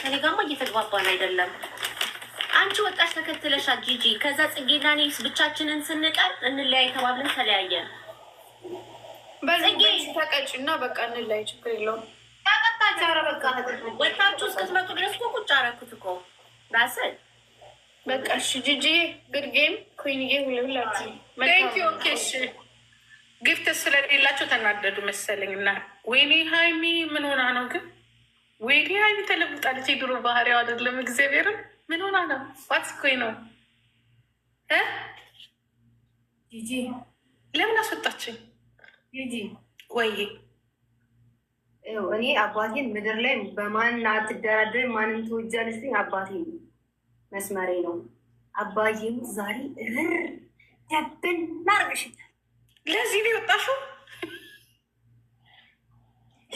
ከኔ ጋርማ እየተግባባን አይደለም። አንቺ ወጣች ተከትለሻት ጂጂ። ከዛ ጽጌና እኔስ ብቻችንን ስንቀር እንለያይ ተባብለን ተለያየን። ጽጌ ተቀጭ እና በቃ እንለያይ፣ ችግር የለውም። ድረስ ቁጭ እኮ ጂጂ ግርጌም ኮይንጌ ግፍት ስለሌላቸው ተናደዱ መሰለኝ እና ወይኔ ሀይሚ ምን ሆና ነው ግን ወይዲ ሀይሚ ተለውጣለች። የድሮ ባህሪዋ አይደለም። እግዚአብሔርም ምን ሆና ነው? ዋትስኮይ ነው። ጂጂ ለምን አስወጣችኝ? ጂጂ ወይ እኔ አባቴን ምድር ላይ በማን አትደራደር፣ ማንም ትወጃለች። አባቴ መስመሬ ነው። አባዬም ዛሬ እህር ደብን ማርበሽታል። ለዚህ ነው የወጣሽው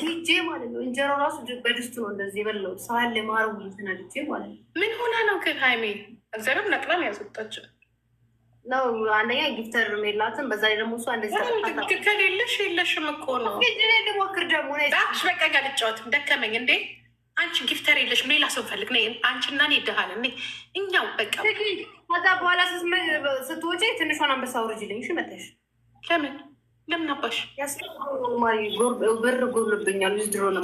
ሂጄ ማለት ነው። እንጀራው ራሱ በድስት ነው እንደዚህ የበላው ሳህን ላይ ማረ ተናድጄ ማለት ነው። ምን ሆነ ነው ግን ሀይሜ እግዚአብሔር ነቅላል ያስወጣቸው ነው። አንደኛ ጊፍተር የላትም፣ በዛ ላይ ደግሞ እሷ እንደዚህ ከሌለሽ የለሽም እኮ ነው። ልሞክር ደግሞ ሽ በቃ ጋር ልጫወትም ደከመኝ እንዴ አንቺ ጊፍተር የለሽም፣ ሌላ ሰው ፈልግ። አንቺና እኔ ድሃ ነን። እኛው በቃ ከዛ በኋላ ስትወጪ ትንሿን አንበሳ ውርጅልኝ መተሽ ለምን ለምን አባሽ ብር ጎልብኛል? ድሮ ነው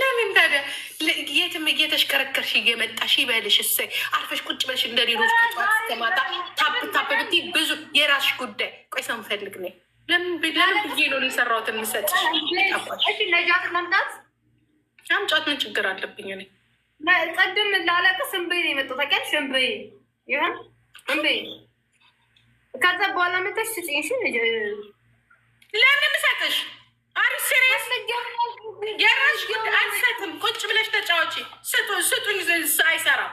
ለምን ታዲያ የትም እየተሽከረከርሽ እየመጣሽ ይበልሽ። እሰይ አርፈሽ ቁጭ በልሽ። እንደ ማታ ታብ ታብ ብትይ ብዙ የራስሽ ጉዳይ። ቆይ ሰው እንፈልግ ነይ። ለምን ብዬሽ ነው የሰራሁትን የምሰጥሽ። ነጃት መምጣት አምጫት። ምን ችግር አለብኝ እኔ? ቅድም ላለቅስ እምብዬ ነው የመጣሁት። ታውቂያለሽ እምብዬ ይሆን ከዛ በኋላ መጣሽ ስጭኝ ለምን ሰጥሽ? አሪፍ ሴሪየስ የራሽ ግድ አልሰጥም። ቁጭ ብለሽ ተጫዋች ስጡኝ። አይሰራም።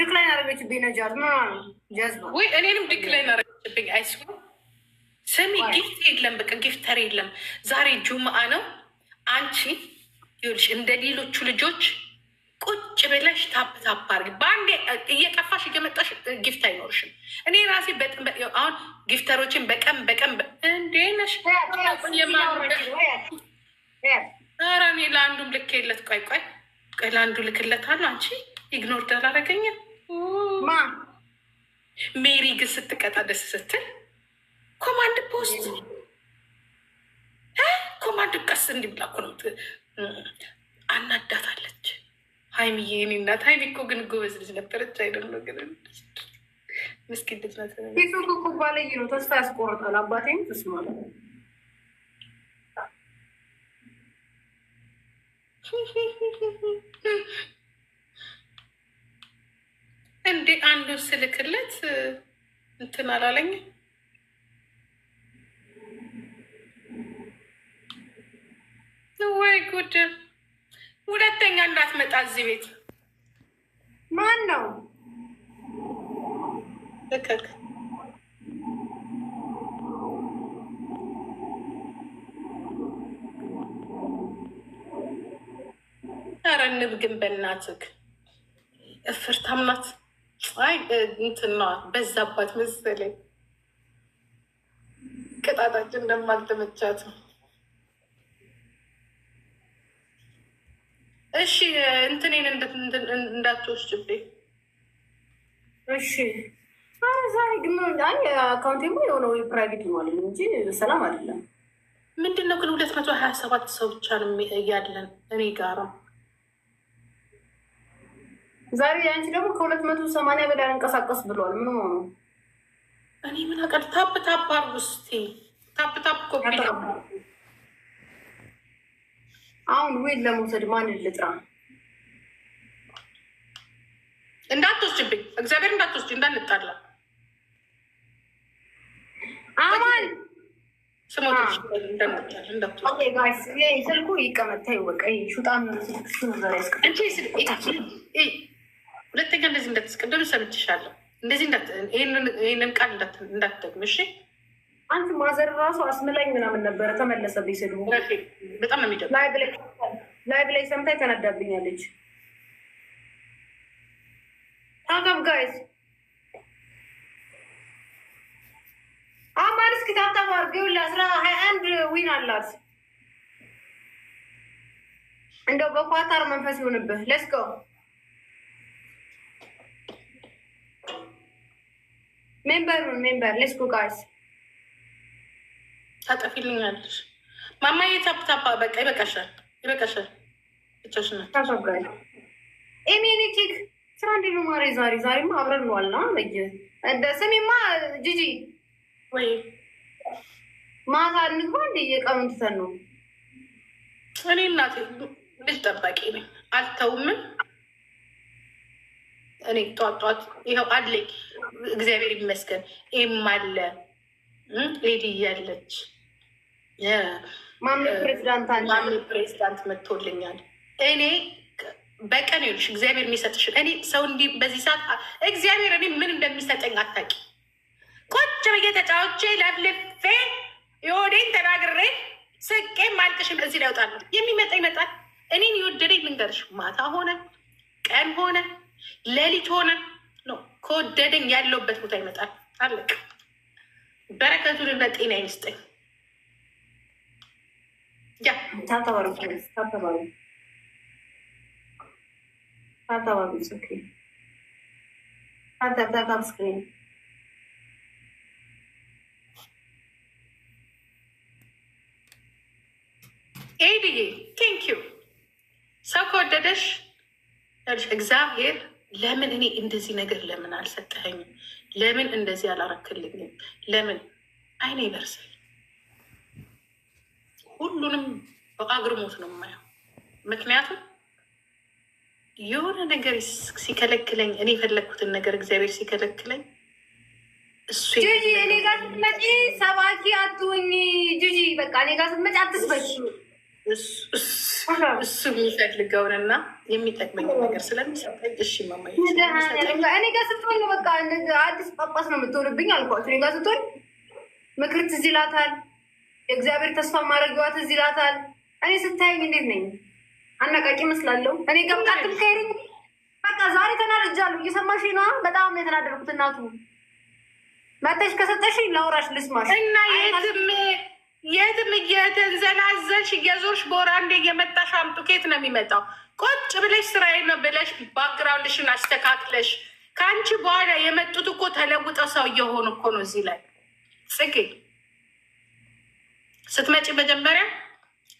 ድክላይን አደረገችብኝ ነው ወይ? እኔንም ድክላይን አደረገችብኝ። አይስ ስሚ፣ ጊፍት የለም በቃ ጊፍተር የለም። ዛሬ ጁምአ ነው። አንቺ ይኸውልሽ እንደ ሌሎቹ ልጆች ቁጭ ብለሽ ታፕ ታፕ አድርጊ። በአንዴ እየጠፋሽ እየመጣሽ ጊፍት አይኖርሽም። እኔ ራሴ አሁን ጊፍተሮችን በቀን በቀን እንዴነሽ ኧረ እኔ ለአንዱም ልኬለት ቆይ ቆይ ለአንዱ ልክለታለሁ። አንቺ ኢግኖር አላደረገኝም። ሜሪ ግን ስትቀጣ ደስ ስትል ኮማንድ ፖስት ኮማንድ ቀስ እንዲብላ ብላ እኮ ነው አናዳታለች። ሀይሚዬ የእኔ እናት ሀይሚ እኮ ግን ጎበዝ ልጅ ነበረች። አይደለ ግን ምስኪን ልጅ ናት። እኮ ባለየ ነው፣ ተስፋ ያስቆርጣል። አባቴም ተስማ እንዴ አንዱ ስልክለት እንትን አላለኝ ወይ ጉድ ሁለተኛ እንዳትመጣ እዚህ ቤት። ማን ነው እከክ ኧረ ንብ ግን በእናትህ እፍርታም ናት። አይ እንትን በዛባት መሰለኝ ቅጣጣችን እንደማልተመቻት እሺ እንትኔን እንዳትወስጭብኝ። እሺ ዛሬ ግን አካውንቴ የሆነው የፕራይቬት ነው አለኝ እንጂ ሰላም አይደለም። ምንድን ነው ግን ሁለት መቶ ሀያ ሰባት ሰው ብቻ ነው እያለን እኔ ጋርም ዛሬ አንቺ ደግሞ ከሁለት መቶ ሰማንያ በላይ አንቀሳቀስ ብሏል። ምን ሆኑ? እኔ ምን አቀድ ታፕ ታፕ አርጉ እስኪ ታፕ ታፕ ኮፒ አሁን ዌል ለመውሰድ ማን ልጥራ? እንዳትወስድብኝ፣ እግዚአብሔር እንዳትወስጅ፣ እንዳንጣላ አማን ስልኩ ይቀመታ ይወቀ ሹጣም ሁለተኛ እንደዚህ እንዳትስቀደም ሰምችሻለሁ። እንደዚህ ይህንን ቃል እንዳትደግም እሺ። አንድ ማዘር ራሱ አስምላኝ ምናምን ነበረ ተመለሰብኝ። ስድቡ በጣም ላይቭ ላይ ሰምታይ ተነዳብኛለች። ታብታብ ጋይዝ አማን እስኪ ታብታብ አድርገው ለአስራ ሀያ አንድ ዊን አላት። እንደው በኳታር መንፈስ ይሆንብህ። ለስጎ ሜምበሩን ሜምበር ለስጎ ጋይዝ ታጠፊልኛለሽ ማማዬ። ታፕታፓ በቃ ይበቃሻል፣ ይበቃሻል። ብቻሽን ታሳብራለሁ። ኤሜኒ ኬክ ስራ እንዴት ነው ማሬ? ዛሬ ዛሬማ አብረን ዋልና በየ እንደ ስሜማ ጂጂ ወይ ማታ እንግባ እንደ የቀኑን ትተን ነው። እኔ እናቴ ልጅ ጠባቂ ነኝ፣ አልተውምን እኔ ጠዋት ይኸው አለኝ። እግዚአብሔር ይመስገን ኤም አለ ቤቢ እያለች ማሚ ፕሬዚዳንት ማሚ ፕሬዚዳንት መጥቶልኛል። እኔ በቀን ይኸውልሽ እግዚአብሔር የሚሰጥሽ እኔ ሰው እንዲህ በዚህ ሰዓት እግዚአብሔር እኔ ምን እንደሚሰጠኝ አታውቂ። ቁጭ ብዬ ተጫዎቼ ለፍልፌ የሆዴን ተናግሬ ስቄ ማልቅሽ እዚህ ላይ ያውጣል። የሚመጣ ይመጣል። እኔን የወደደኝ ልንገርሽ፣ ማታ ሆነ ቀን ሆነ ሌሊት ሆነ ነው ከወደደኝ ያለውበት ቦታ ይመጣል። አለቅ በረከቱንና ጤና ይስጠኝ። ኤድዬ ቴንክ ዩ። ሰው ከወደደሽ እግዚአብሔር ለምን እኔ እንደዚህ ነገር ለምን አልሰጠኸኝም? ለምን እንደዚህ አላረክልኝም? ለምን አይነ ይደርሳል። ሁሉንም በቃ ግርሞት ነው የማየው። ምክንያቱም የሆነ ነገር ሲከለክለኝ እኔ የፈለግኩትን ነገር እግዚአብሔር ሲከለክለኝ እሱ እኔ ጋር ስትመጪ ሰባኪ አትሁኝ ጅጂ። በቃ እኔ ጋር ስትመጪ አትስበች እሱ የሚፈልገውንና የሚጠቅመኝ ነገር ስለሚሰጠኝ እሺ ማማዬ እኔ ጋር ስትሆን በቃ አዲስ ጳጳስ ነው የምትሆንብኝ አልኳት። እኔ ጋር ስትሆን ምክር ትዝ ይላታል፣ የእግዚአብሔር ተስፋ ማድረጊዋ ትዝ ይላታል። እኔ ስታየኝ እንዴት ነኝ? አናቃቂ ይመስላለሁ እኔ ጋር በቃ ትምከይሪ በቃ ዛሬ ተናድጃለሁ። እየሰማሽ ነዋ። በጣም ነው የተናደድኩት። እናቱ መተሽ ከሰጠሽ ላውራሽ ልስማሽ እና የትሜ የትም እየተንዘላዘልሽ እየዞርሽ በወር አንዴ እየመጣሽ አምጡ። ኬት ነው የሚመጣው? ቁጭ ብለሽ ስራዬ ነው ብለሽ ባክግራውንድሽን አስተካክለሽ ከአንቺ በኋላ የመጡት እኮ ተለውጠው ሰው እየሆኑ እኮ ነው። እዚህ ላይ ጽጌ ስትመጪ መጀመሪያ፣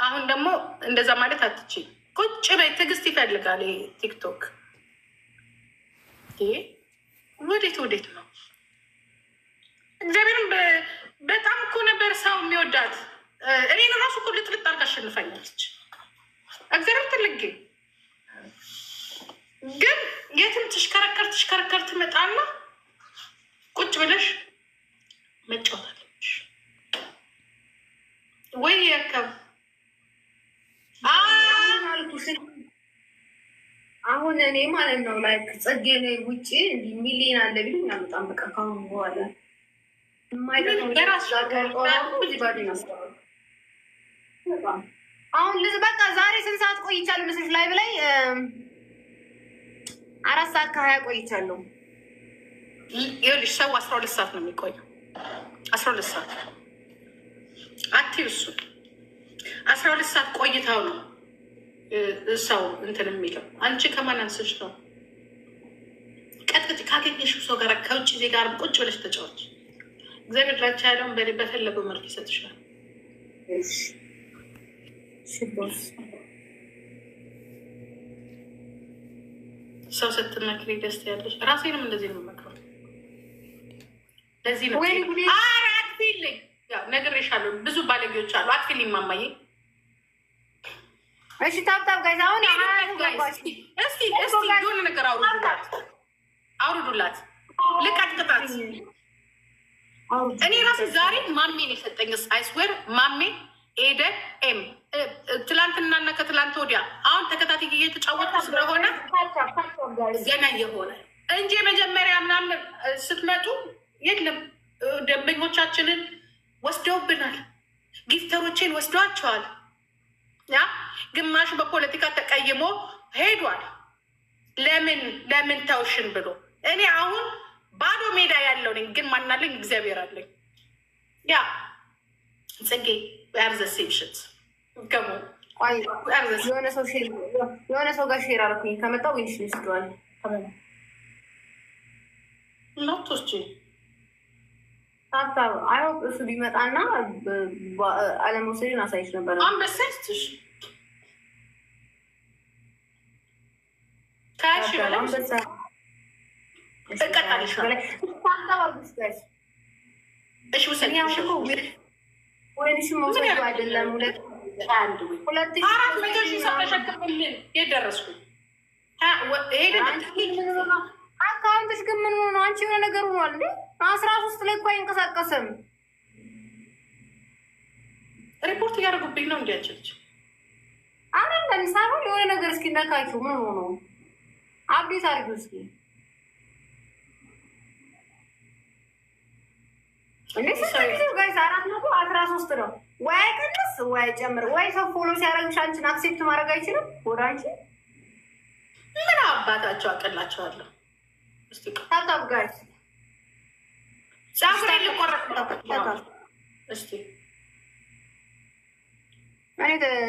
አሁን ደግሞ እንደዛ ማለት አትች። ቁጭ በይ፣ ትዕግስት ይፈልጋል ይሄ ቲክቶክ። ወዴት ወዴት ነው እግዚአብሔርም በጣም እኮ ነበር ሰው የሚወዳት። እኔን ራሱ እኮ ልጥልጥ አድርጋ አሸንፋኛለች። እግዚአብሔር ትልጌ ግን የትም ትሽከረከር ትሽከረከር ትመጣና ቁጭ ብለሽ መጫወታለች ወይ ያከብ አሁን እኔ ማለት ነው ላይ ጸጌ ውጭ ሚሊዮን አለ ቢሉኝ በጣም በቃ ካሁን በኋላ አሁን ልዝ በቃ ዛሬ ስንት ሰዓት ቆይቻለሁ መስሎሽ? ላይ ብላይ አራት ሰዓት ከሀያ ቆይቻለሁ። ይኸውልሽ ሰው አስራ ሁለት ሰዓት ነው የሚቆየው። አስራ ሁለት ሰዓት አትይው እሱ አስራ ሁለት ሰዓት ቆይታው ነው ሰው እንትን የሚለው። አንቺ ከማን አንስሽ ነው? ቀጥቅጭ ካገኘሽው ሰው ጋር ከውጭ ዜጋ ጋር ቁጭ ብለሽ ተጫወች። እግዚአብሔር ላንቺ ያለውን በ በፈለገው መልክ ይሰጥሻል። ሰው ስትመክሪ ደስ ያለሽ። ራሴንም እንደዚህ ነው የምመክረው። ለዚህ ነው አትፊልኝ፣ ነግሬሻለሁ። ብዙ ባለጌዎች አሉ። አትፊልኝ ማማዬ እሺ ታብታብ ጋይዝ አሁን የሆነ ነገር አውርዱላት፣ አውርዱላት፣ ልቀጥቅጣት እኔ ራሴ ዛሬ ማሜ ነው የሰጠኝ። አይስዌር ማሜ ኤደ ኤም ትላንትናና ከትላንት ወዲያ አሁን ተከታታይ እየተጫወቱ ስለሆነ ገና የሆነ እንጂ የመጀመሪያ ምናምን ስትመጡ የለም ደንበኞቻችንን ወስደውብናል። ጊፍተሮችን ወስደዋቸዋል። ያ ግማሹ በፖለቲካ ተቀይሞ ሄዷል። ለምን ለምን ተውሽን ብሎ እኔ አሁን ባዶ ሜዳ ያለው ነኝ፣ ግን ማናለኝ እግዚአብሔር አለኝ። ያ ጽጌ ያርዘ ሴምሽት ገቡ የሆነ ሰው ጋር ሼር አረኩኝ ከመጣው ወይንሽ ይስደዋል ኖቶች ሀሳብ አይ እሱ ቢመጣና አለመውሰድን አሳይች ነበር። አንበሳይስትሽ ይስጥሽ ከያሽ አካውንትሽ ግን ምን ሆነ? አንቺ የሆነ ነገር ሆኗል። አስራ ሶስት ላይ እኮ አይንቀሳቀስም። ሪፖርት እያደረጉብኝ ነው አረ ለምሳሌ የሆነ ነገር እስኪ ነካችሁ ምን ሆኖ አብዴት አድርጊው እስኪ አራት ነው ወይ ሰው ፎሎ ሲያደርግሽ አንቺን አክሴፕት ማድረግ አይችልም። ወደ አንቺ አባታቸው አቀላቸዋለሁ።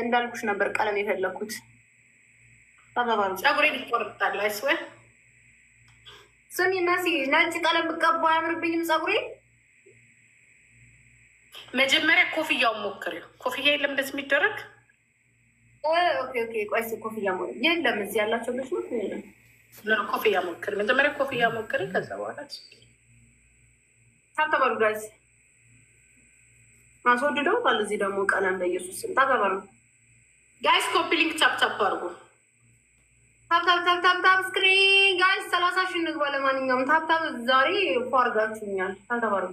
እንዳልኩሽ ነበር ቀለም የፈለግኩት ፀጉሬ ልቆረጣለሁ። አይስወ ስሚ ነሲ ነጭ ቀለም ብቀባ አያምርብኝም ፀጉሬ መጀመሪያ ኮፍያውን ሞክሪው። ኮፍያ የለም እንደዚህ የሚደረግ ቆይ፣ ኮፍያ የለም እዚህ ያላቸው ልጅ ኮፍያ ሞክሪ። መጀመሪያ ኮፍያ ሞክሪ፣ ከዛ በኋላ ታተበሉ። ጋይዝ አስወድደውታል። እዚህ ደግሞ ቀለም ለኢየሱስ ታተበሉ ጋይስ። ኮፒ ሊንክ ቻፕቻፕ አድርጉ። ታብታብታብታብታብ ስክሪን ጋይስ፣ ሰላሳ ሺህ እንግባ። ለማንኛውም ታብታብ ዛሬ ፎ አድርጋችሁኛል። ታተበሉ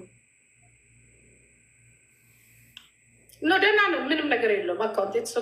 ነው። ደህና ነው። ምንም ነገር የለውም። አካውንት